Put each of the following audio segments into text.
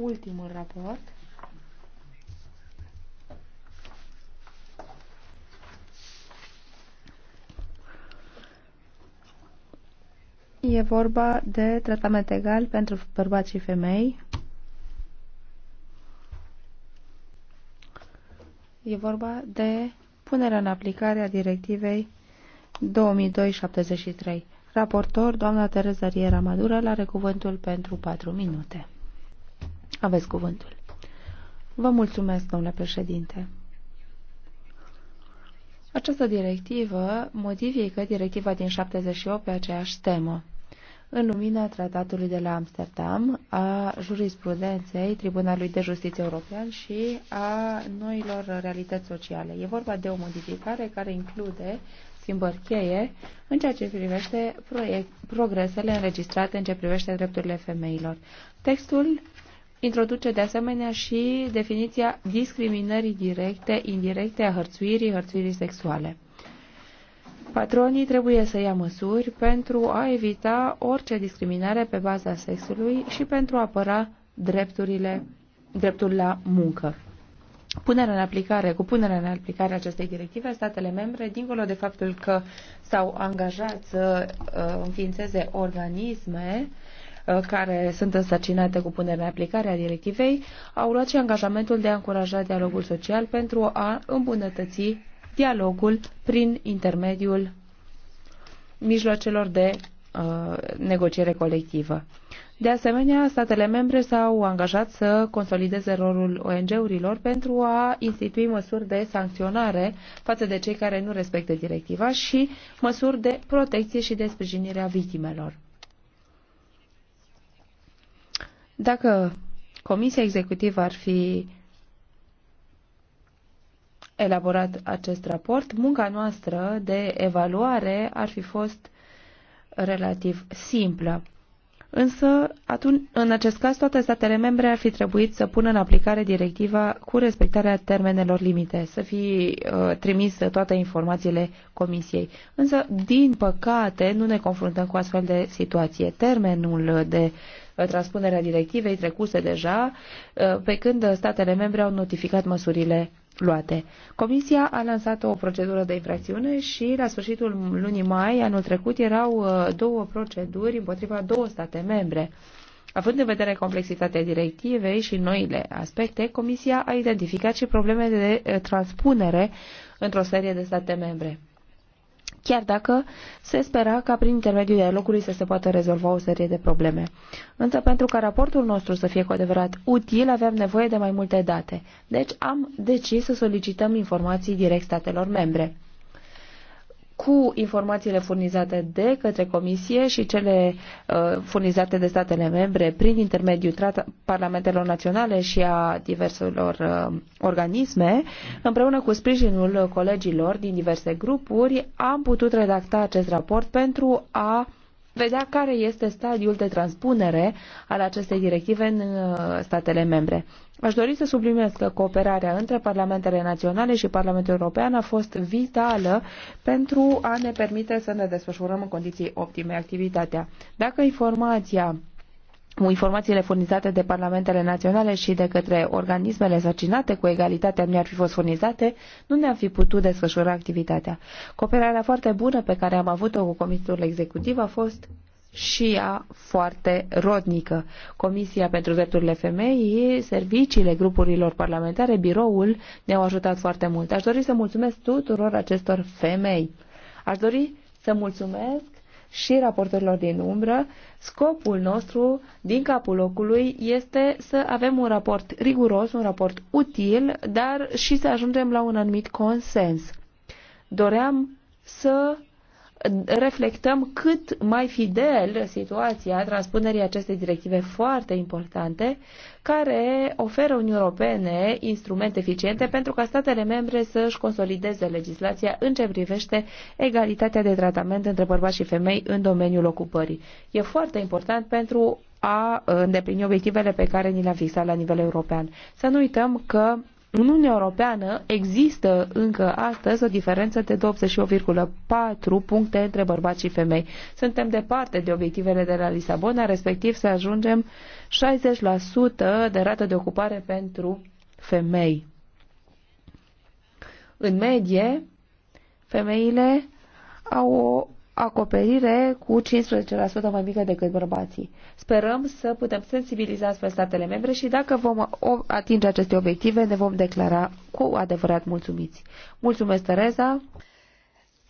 ultimul raport. E vorba de tratament egal pentru bărbați și femei. E vorba de punerea în aplicare a directivei 2273. Raportor, doamna Tereza Riera Madură, la recuvântul pentru 4 minute. Aveți cuvântul. Vă mulțumesc, domnule președinte. Această directivă modifică directiva din 78 pe aceeași temă. În lumina tratatului de la Amsterdam, a jurisprudenței Tribunalului de Justiție European și a noilor realități sociale. E vorba de o modificare care include schimbări cheie în ceea ce privește proiect, progresele înregistrate în ce privește drepturile femeilor. Textul introduce de asemenea și definiția discriminării directe, indirecte a hărțuirii, hărțuirii sexuale. Patronii trebuie să ia măsuri pentru a evita orice discriminare pe baza sexului și pentru a apăra drepturile, dreptul la muncă. Punerea în aplicare, cu punerea în aplicare acestei directive, statele membre, dincolo de faptul că s-au angajat să uh, înființeze organisme uh, Uh, care sunt însărcinate cu punerea în aplicare a directivei au luat și angajamentul de a încuraja dialogul social pentru a îmbunătăți dialogul prin intermediul mijloacelor de uh, negociere colectivă. De asemenea, statele membre s-au angajat să consolideze rolul ONG-urilor pentru a institui măsuri de sancționare față de cei care nu respectă directiva și măsuri de protecție și de sprijinire a victimelor. Dacă Comisia Executivă ar fi elaborat acest raport, munca noastră de evaluare ar fi fost relativ simplă. Însă, atunci, în acest caz, toate statele membre ar fi trebuit să pună în aplicare directiva cu respectarea termenelor limite, să fi uh, trimis toate informațiile comisiei. Însă, din păcate, nu ne confruntăm cu astfel de situație. Termenul de transpunerea directivei trecuse deja, uh, pe când statele membre au notificat măsurile luate. Comisia a lansat o procedură de infracțiune și la sfârșitul lunii mai anul trecut erau uh, două proceduri împotriva două state membre. Având în vedere complexitatea directivei și noile aspecte, Comisia a identificat și probleme de uh, transpunere într-o serie de state membre chiar dacă se spera ca prin intermediul dialogului să se poată rezolva o serie de probleme. Însă pentru ca raportul nostru să fie cu adevărat util, avem nevoie de mai multe date. Deci am decis să solicităm informații direct statelor membre cu informațiile furnizate de către Comisie și cele uh, furnizate de statele membre prin intermediul parlamentelor naționale și a diverselor uh, organisme, împreună cu sprijinul colegilor din diverse grupuri, am putut redacta acest raport pentru a vedea care este stadiul de transpunere al acestei directive în uh, statele membre. Aș dori să subliniez că cooperarea între parlamentele naționale și Parlamentul European a fost vitală pentru a ne permite să ne desfășurăm în condiții optime activitatea. Dacă informația informațiile furnizate de parlamentele naționale și de către organismele însărcinate cu egalitatea nu ar fi fost furnizate, nu ne-am fi putut desfășura activitatea. Cooperarea foarte bună pe care am avut-o cu Comitetul Executiv a fost și ea foarte rodnică. Comisia pentru Drepturile Femeii, serviciile grupurilor parlamentare, biroul ne-au ajutat foarte mult. Aș dori să mulțumesc tuturor acestor femei. Aș dori să mulțumesc și raportorilor din umbră, scopul nostru din capul locului este să avem un raport riguros, un raport util, dar și să ajungem la un anumit consens. Doream să reflectăm cât mai fidel situația transpunerii acestei directive foarte importante, care oferă Uniunii Europene instrumente eficiente pentru ca statele membre să-și consolideze legislația în ce privește egalitatea de tratament între bărbați și femei în domeniul ocupării. E foarte important pentru a îndeplini obiectivele pe care ni le-am fixat la nivel european. Să nu uităm că în Uniunea Europeană există încă astăzi o diferență de 28,4 puncte între bărbați și femei. Suntem departe de obiectivele de la Lisabona, respectiv să ajungem 60% de rată de ocupare pentru femei. În medie, femeile au o acoperire cu 15% mai mică decât bărbații. Sperăm să putem sensibiliza astfel statele membre și dacă vom atinge aceste obiective, ne vom declara cu adevărat mulțumiți. Mulțumesc, Tereza!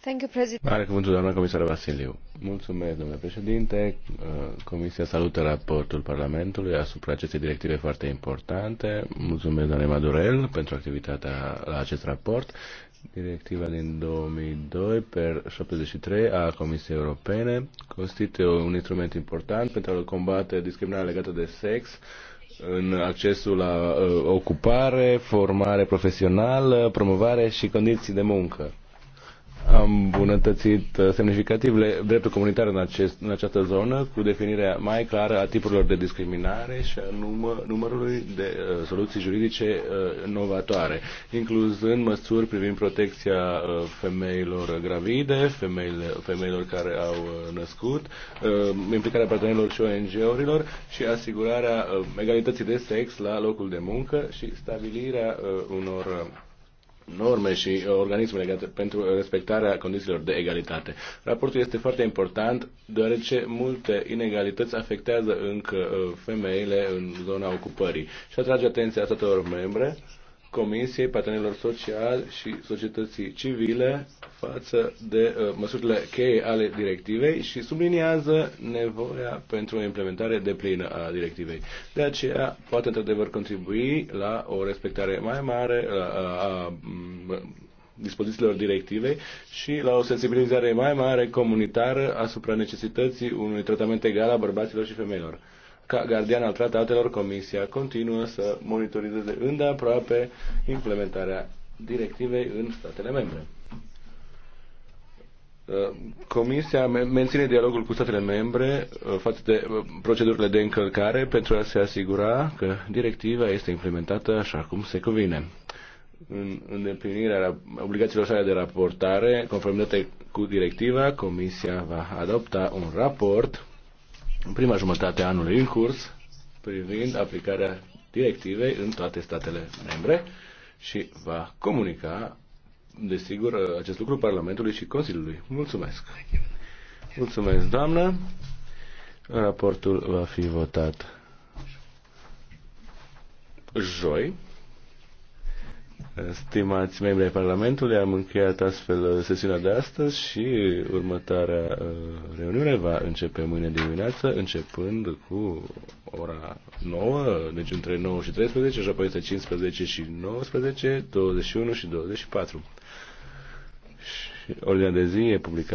Thank you, President. Are cuvântul doamna comisară Vasiliu. Mulțumesc, domnule președinte. Uh, comisia salută raportul Parlamentului asupra acestei directive foarte importante. Mulțumesc, doamne Madurel, pentru activitatea la acest raport. Directiva din 2002 per 73 a Comisiei Europene constituie un instrument important pentru a combate discriminarea legată de sex în accesul la uh, ocupare, formare profesională, promovare și condiții de muncă am îmbunătățit uh, semnificativ dreptul comunitar în, acest, în această zonă cu definirea mai clară a tipurilor de discriminare și a numă, numărului de uh, soluții juridice uh, inovatoare, incluzând măsuri privind protecția uh, femeilor gravide, femeile, femeilor care au uh, născut, uh, implicarea partenerilor și ONG-urilor și asigurarea uh, egalității de sex la locul de muncă și stabilirea uh, unor uh, norme și uh, organisme legate pentru respectarea condițiilor de egalitate. Raportul este foarte important deoarece multe inegalități afectează încă uh, femeile în zona ocupării și atrage atenția tuturor membre Comisiei, partenerilor sociali și societății civile față de uh, măsurile cheie ale directivei și subliniază nevoia pentru o implementare deplină a directivei. De aceea poate într-adevăr contribui la o respectare mai mare la, a, a dispozițiilor directivei și la o sensibilizare mai mare comunitară asupra necesității unui tratament egal a bărbaților și femeilor ca gardian al tratatelor, Comisia continuă să monitorizeze îndeaproape implementarea directivei în statele membre. Uh, Comisia menține dialogul cu statele membre uh, față de uh, procedurile de încălcare pentru a se asigura că directiva este implementată așa cum se cuvine. În îndeplinirea obligațiilor sale de raportare, conformitate cu directiva, Comisia va adopta un raport în prima jumătate a anului în curs privind aplicarea directivei în toate statele membre și va comunica, desigur, acest lucru Parlamentului și Consiliului. Mulțumesc! Mulțumesc, doamnă! Raportul va fi votat joi. Stimați membri ai Parlamentului, am încheiat astfel sesiunea de astăzi și următoarea uh, reuniune va începe mâine dimineață, începând cu ora 9, deci între 9 și 13, și apoi între 15 și 19, 21 și 24. Și ordinea de zi e publicată.